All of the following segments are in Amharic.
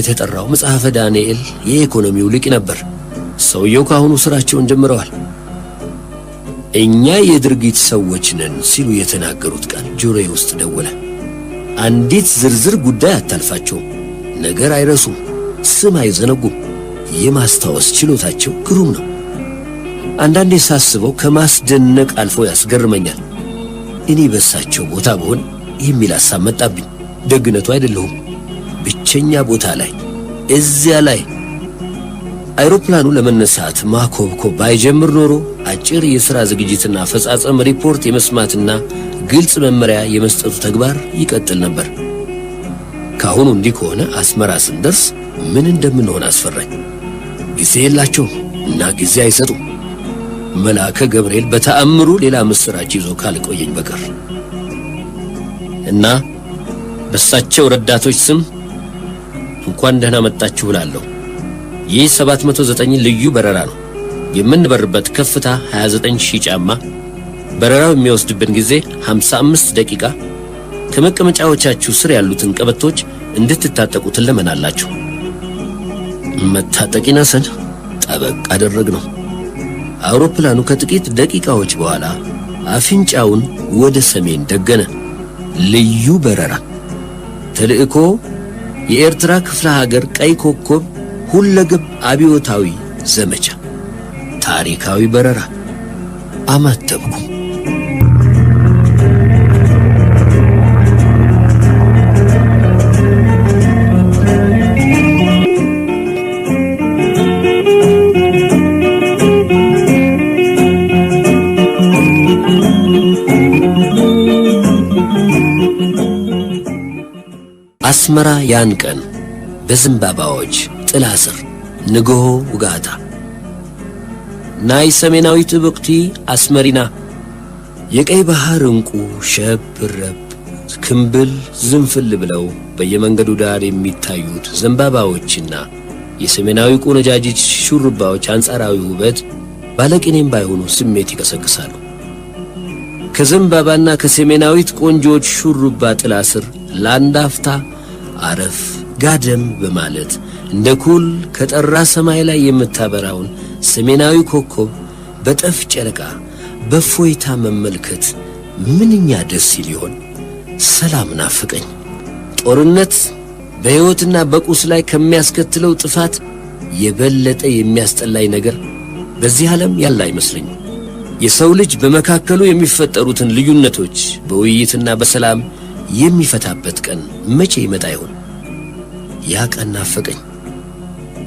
የተጠራው መጽሐፈ ዳንኤል የኢኮኖሚው ሊቅ ነበር። ሰውየው ካሁኑ ስራቸውን ጀምረዋል። እኛ የድርጊት ሰዎች ነን ሲሉ የተናገሩት ቃል ጆሮዬ ውስጥ ደወለ። አንዲት ዝርዝር ጉዳይ አታልፋቸውም። ነገር አይረሱም፣ ስም አይዘነጉም። የማስታወስ ችሎታቸው ግሩም ነው። አንዳንዴ ሳስበው ከማስደነቅ አልፎ ያስገርመኛል። እኔ በሳቸው ቦታ ብሆን የሚል ሐሳብ መጣብኝ። ደግነቱ አይደለሁም ብቸኛ ቦታ ላይ እዚያ ላይ አይሮፕላኑ ለመነሳት ማኮብኮብ ባይጀምር ኖሮ አጭር የሥራ ዝግጅትና አፈጻጸም ሪፖርት የመስማትና ግልጽ መመሪያ የመስጠቱ ተግባር ይቀጥል ነበር። ካሁኑ እንዲህ ከሆነ አስመራ ስንደርስ ምን እንደምንሆን አስፈራኝ። ጊዜ የላቸውም እና ጊዜ አይሰጡም። መልአከ ገብርኤል በተአምሩ ሌላ ምስራች ይዞ ካልቆየኝ በቀር እና በእሳቸው ረዳቶች ስም እንኳን ደህና መጣችሁ እላለሁ። ይህ 709 ልዩ በረራ ነው። የምንበርበት ከፍታ 29 ሺህ ጫማ፣ በረራው የሚወስድብን ጊዜ 55 ደቂቃ። ከመቀመጫዎቻችሁ ስር ያሉትን ቀበቶች እንድትታጠቁ ትለመናላችሁ። መታጠቂ ነሰን ጠበቅ አደረግ ነው። አውሮፕላኑ ከጥቂት ደቂቃዎች በኋላ አፍንጫውን ወደ ሰሜን ደገነ። ልዩ በረራ ተልእኮ የኤርትራ ክፍለ ሀገር ቀይ ኮከብ ሁለገብ አብዮታዊ ዘመቻ ታሪካዊ በረራ አማተብኩ። አስመራ ያን ቀን በዘንባባዎች ጥላ ስር ንግሆ ውጋታ ናይ ሰሜናዊት እብቕቲ አስመሪና የቀይ ባሕር ዕንቁ ሸብረብ ክምብል ዝንፍል ብለው በየመንገዱ ዳር የሚታዩት ዘንባባዎችና የሰሜናዊ ቆነጃጅች ሹሩባዎች አንጻራዊ ውበት ባለቅኔም ባይሆኑ ስሜት ይቀሰቅሳሉ። ከዘንባባና ከሰሜናዊት ቆንጆዎች ሹሩባ ጥላ ስር ለአንድ አፍታ አረፍ ጋደም በማለት እንደ ኩል ከጠራ ሰማይ ላይ የምታበራውን ሰሜናዊ ኮከብ በጠፍ ጨረቃ በፎይታ መመልከት ምንኛ ደስ ይል ይሆን? ሰላም ናፍቀኝ። ጦርነት በሕይወትና በቁስ ላይ ከሚያስከትለው ጥፋት የበለጠ የሚያስጠላኝ ነገር በዚህ ዓለም ያለ አይመስለኝም። የሰው ልጅ በመካከሉ የሚፈጠሩትን ልዩነቶች በውይይትና በሰላም የሚፈታበት ቀን መቼ ይመጣ ይሆን? ያ ቀን ናፈቀኝ።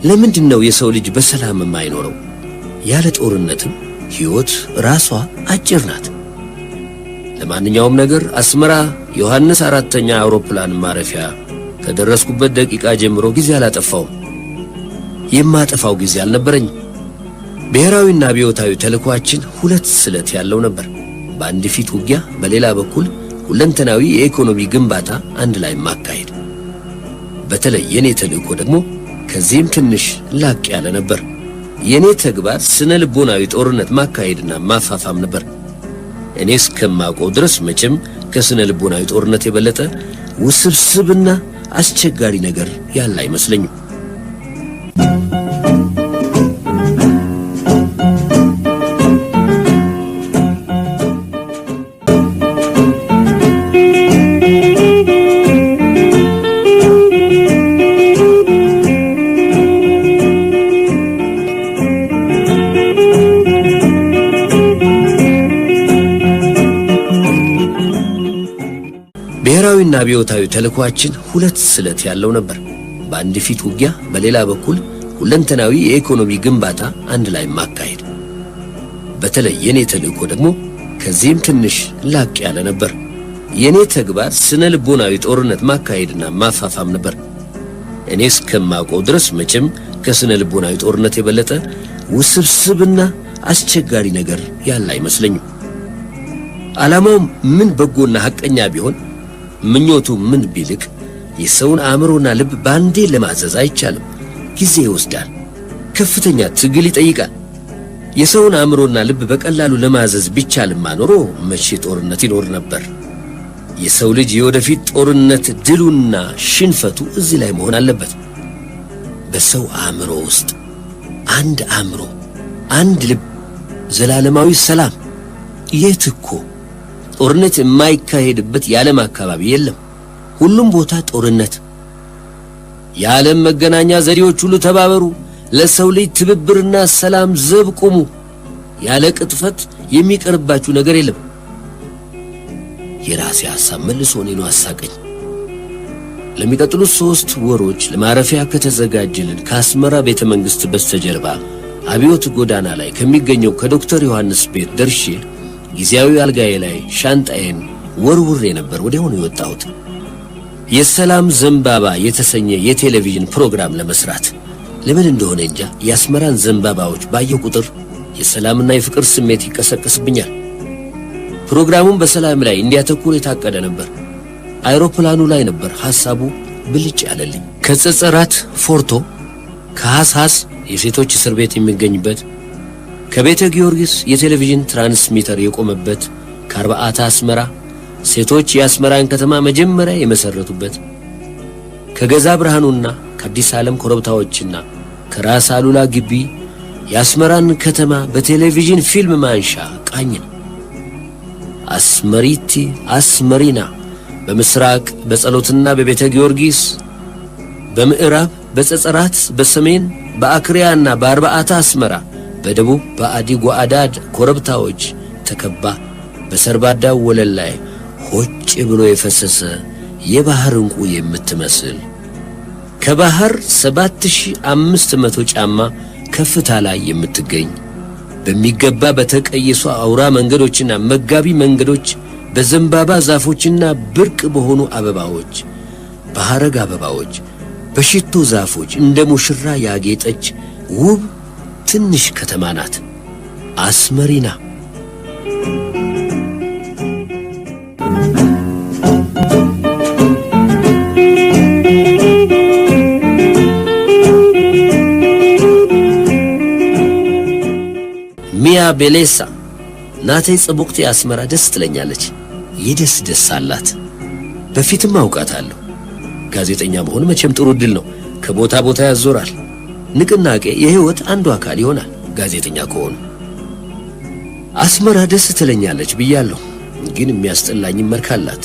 ለምንድን ነው የሰው ልጅ በሰላም የማይኖረው? ያለ ጦርነትም ሕይወት ራሷ አጭር ናት። ለማንኛውም ነገር አስመራ ዮሐንስ አራተኛ አውሮፕላን ማረፊያ ከደረስኩበት ደቂቃ ጀምሮ ጊዜ አላጠፋውም። የማጠፋው ጊዜ አልነበረኝ። ብሔራዊና አብዮታዊ ተልኳችን ሁለት ስለት ያለው ነበር። በአንድ ፊት ውጊያ፣ በሌላ በኩል ሁለንተናዊ የኢኮኖሚ ግንባታ አንድ ላይ ማካሄድ። በተለይ የኔ ተልእኮ ደግሞ ከዚህም ትንሽ ላቅ ያለ ነበር። የኔ ተግባር ስነ ልቦናዊ ጦርነት ማካሄድና ማፋፋም ነበር። እኔ እስከማውቀው ድረስ መቼም ከስነ ልቦናዊ ጦርነት የበለጠ ውስብስብና አስቸጋሪ ነገር ያለ አይመስለኝም። ዋና አብዮታዊ ተልኳችን ሁለት ስለት ያለው ነበር። በአንድ ፊት ውጊያ፣ በሌላ በኩል ሁለንተናዊ የኢኮኖሚ ግንባታ አንድ ላይ ማካሄድ። በተለይ የኔ ተልእኮ ደግሞ ከዚህም ትንሽ ላቅ ያለ ነበር። የኔ ተግባር ስነ ልቦናዊ ጦርነት ማካሄድና ማፋፋም ነበር። እኔ እስከማውቀው ድረስ መቼም ከስነ ልቦናዊ ጦርነት የበለጠ ውስብስብና አስቸጋሪ ነገር ያለ አይመስለኝም። ዓላማውም ምን በጎና ሐቀኛ ቢሆን ምኞቱ ምን ቢልቅ የሰውን አእምሮና ልብ በአንዴ ለማዘዝ አይቻልም። ጊዜ ይወስዳል፣ ከፍተኛ ትግል ይጠይቃል። የሰውን አእምሮና ልብ በቀላሉ ለማዘዝ ቢቻልማ ኖሮ መቼ ጦርነት ይኖር ነበር? የሰው ልጅ የወደፊት ጦርነት ድሉና ሽንፈቱ እዚህ ላይ መሆን አለበት። በሰው አእምሮ ውስጥ አንድ አእምሮ፣ አንድ ልብ፣ ዘላለማዊ ሰላም። የት እኮ ጦርነት የማይካሄድበት የዓለም አካባቢ የለም። ሁሉም ቦታ ጦርነት። የዓለም መገናኛ ዘዴዎች ሁሉ ተባበሩ፣ ለሰው ልጅ ትብብርና ሰላም ዘብ ቁሙ። ያለ ቅጥፈት የሚቀርባችሁ ነገር የለም። የራሴ ሐሳብ መልሶ እኔኑ አሳቀኝ። ለሚቀጥሉት ሦስት ወሮች ለማረፊያ ከተዘጋጀልን ከአስመራ ቤተ መንግሥት በስተጀርባ አብዮት ጎዳና ላይ ከሚገኘው ከዶክተር ዮሐንስ ቤት ደርሼ ጊዜያዊ አልጋዬ ላይ ሻንጣዬን ወርውሬ ነበር ወዲያውኑ የወጣሁት የሰላም ዘንባባ የተሰኘ የቴሌቪዥን ፕሮግራም ለመስራት። ለምን እንደሆነ እንጃ የአስመራን ዘንባባዎች ባየሁ ቁጥር የሰላምና የፍቅር ስሜት ይቀሰቀስብኛል። ፕሮግራሙም በሰላም ላይ እንዲያተኩር የታቀደ ነበር። አይሮፕላኑ ላይ ነበር ሐሳቡ ብልጭ ያለልኝ። ከጸጸራት ፎርቶ፣ ከሐስሐስ የሴቶች እስር ቤት የሚገኝበት ከቤተ ጊዮርጊስ የቴሌቪዥን ትራንስሚተር የቆመበት ከአርባአታ አስመራ ሴቶች የአስመራን ከተማ መጀመሪያ የመሰረቱበት ከገዛ ብርሃኑና ከአዲስ ዓለም ኮረብታዎችና ከራስ አሉላ ግቢ የአስመራን ከተማ በቴሌቪዥን ፊልም ማንሻ ቃኝ ነው። አስመሪቲ አስመሪና በምስራቅ በጸሎትና በቤተ ጊዮርጊስ በምዕራብ በጸጸራት በሰሜን በአክሪያና በአርባአታ አስመራ በደቡብ በአዲ ጓአዳድ ኮረብታዎች ተከባ በሰርባዳው ወለል ላይ ሆጭ ብሎ የፈሰሰ የባህር እንቁ የምትመስል ከባህር 7500 ጫማ ከፍታ ላይ የምትገኝ በሚገባ በተቀየሱ አውራ መንገዶችና መጋቢ መንገዶች በዘንባባ ዛፎችና ብርቅ በሆኑ አበባዎች በሐረግ አበባዎች በሽቶ ዛፎች እንደ ሙሽራ ያጌጠች ውብ ትንሽ ከተማ ናት አስመሪና። ሚያ ቤሌሳ ናተይ ጽቡቅቴ አስመራ ደስ ትለኛለች። የደስ ደስ አላት። በፊትም አውቃታለሁ። ጋዜጠኛ መሆን መቼም ጥሩ እድል ነው። ከቦታ ቦታ ያዞራል። ንቅናቄ የህይወት አንዱ አካል ይሆናል። ጋዜጠኛ ከሆኑ አስመራ ደስ ትለኛለች ብያለሁ፣ ግን የሚያስጠላኝ መርካላት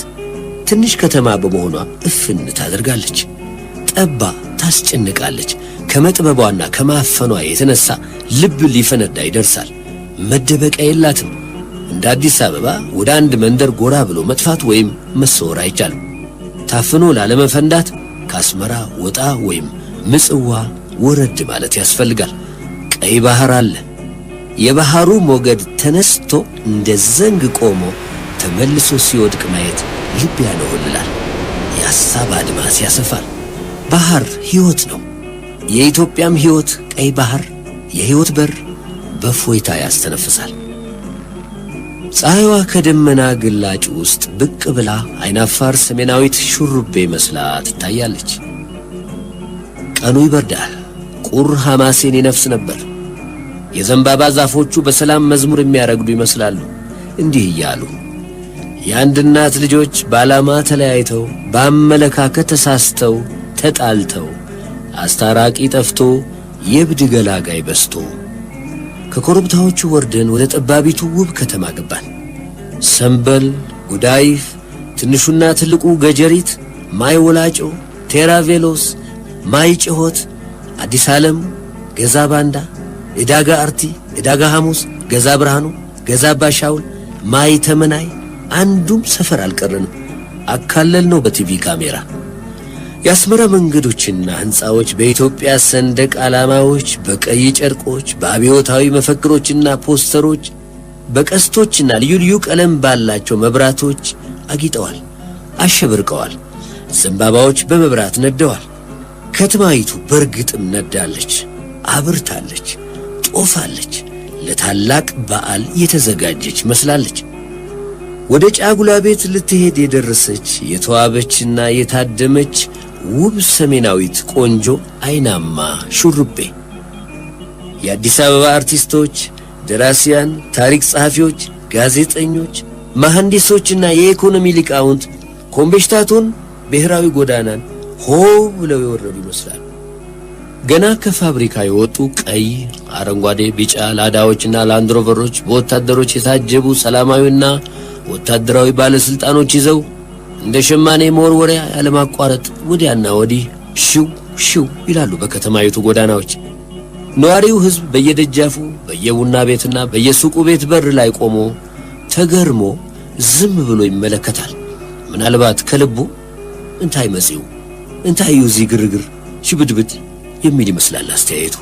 ትንሽ ከተማ በመሆኗ እፍን ታደርጋለች፣ ጠባ ታስጨንቃለች። ከመጥበቧና ከማፈኗ የተነሳ ልብ ሊፈነዳ ይደርሳል። መደበቂያ የላትም። እንደ አዲስ አበባ ወደ አንድ መንደር ጎራ ብሎ መጥፋት ወይም መሰወር አይቻልም። ታፍኖ ላለመፈንዳት ከአስመራ ወጣ ወይም ምጽዋ ወረድ ማለት ያስፈልጋል። ቀይ ባህር አለ። የባህሩ ሞገድ ተነስቶ እንደ ዘንግ ቆሞ ተመልሶ ሲወድቅ ማየት ልብ ያለሁልላል። የሐሳብ አድማስ ያሰፋል። ባህር ሕይወት ነው። የኢትዮጵያም ሕይወት ቀይ ባህር የሕይወት በር በፎይታ ያስተነፍሳል። ፀሐይዋ ከደመና ግላጭ ውስጥ ብቅ ብላ አይናፋር ሰሜናዊት ሹሩቤ መስላ ትታያለች። ቀኑ ይበርዳል። ጥቁር ሐማሴን ይነፍስ ነበር። የዘንባባ ዛፎቹ በሰላም መዝሙር የሚያረግዱ ይመስላሉ። እንዲህ እያሉ የአንድ እናት ልጆች በዓላማ ተለያይተው፣ በአመለካከት ተሳስተው፣ ተጣልተው፣ አስታራቂ ጠፍቶ፣ የብድ ገላጋይ በስቶ ከኮረብታዎቹ ወርደን ወደ ጠባቢቱ ውብ ከተማ ገባን። ሰንበል፣ ጉዳይፍ፣ ትንሹና ትልቁ ገጀሪት፣ ማይ ወላጮ፣ ቴራቬሎስ፣ ማይ ጭሆት አዲስ አለም ገዛ ባንዳ፣ የዳጋ አርቲ፣ የዳጋ ሐሙስ፣ ገዛ ብርሃኑ፣ ገዛ ባሻውል፣ ማይ ተመናይ አንዱም ሰፈር አልቀረንም። አካለል ነው በቲቪ ካሜራ የአስመራ መንገዶችና ሕንፃዎች በኢትዮጵያ ሰንደቅ ዓላማዎች፣ በቀይ ጨርቆች፣ በአብዮታዊ መፈክሮችና ፖስተሮች፣ በቀስቶችና ልዩ ልዩ ቀለም ባላቸው መብራቶች አጊጠዋል፣ አሸብርቀዋል። ዘንባባዎች በመብራት ነደዋል። ከተማይቱ በእርግጥም ነዳለች፣ አብርታለች፣ ጦፋለች። ለታላቅ በዓል የተዘጋጀች መስላለች። ወደ ጫጉላ ቤት ልትሄድ የደረሰች የተዋበችና የታደመች ውብ ሰሜናዊት ቆንጆ አይናማ ሹርቤ የአዲስ አበባ አርቲስቶች፣ ደራሲያን፣ ታሪክ ጸሐፊዎች፣ ጋዜጠኞች፣ መሐንዲሶችና የኢኮኖሚ ሊቃውንት ኮምቤሽታቱን፣ ብሔራዊ ጎዳናን ሆ ብለው የወረዱ ይመስላል። ገና ከፋብሪካ የወጡ ቀይ፣ አረንጓዴ፣ ቢጫ ላዳዎችና ላንድሮቨሮች በወታደሮች የታጀቡ ሰላማዊና ወታደራዊ ባለስልጣኖች ይዘው እንደ ሸማኔ መወርወሪያ ያለማቋረጥ ወዲያና ወዲህ ሽው ሽው ይላሉ በከተማይቱ ጎዳናዎች። ነዋሪው ሕዝብ በየደጃፉ በየቡና ቤትና በየሱቁ ቤት በር ላይ ቆሞ ተገርሞ ዝም ብሎ ይመለከታል። ምናልባት ከልቡ እንታይ መጺው እንታይ እዩ እዚህ ግርግር ሽብድብድ የሚል ይመስላል አስተያየቱ።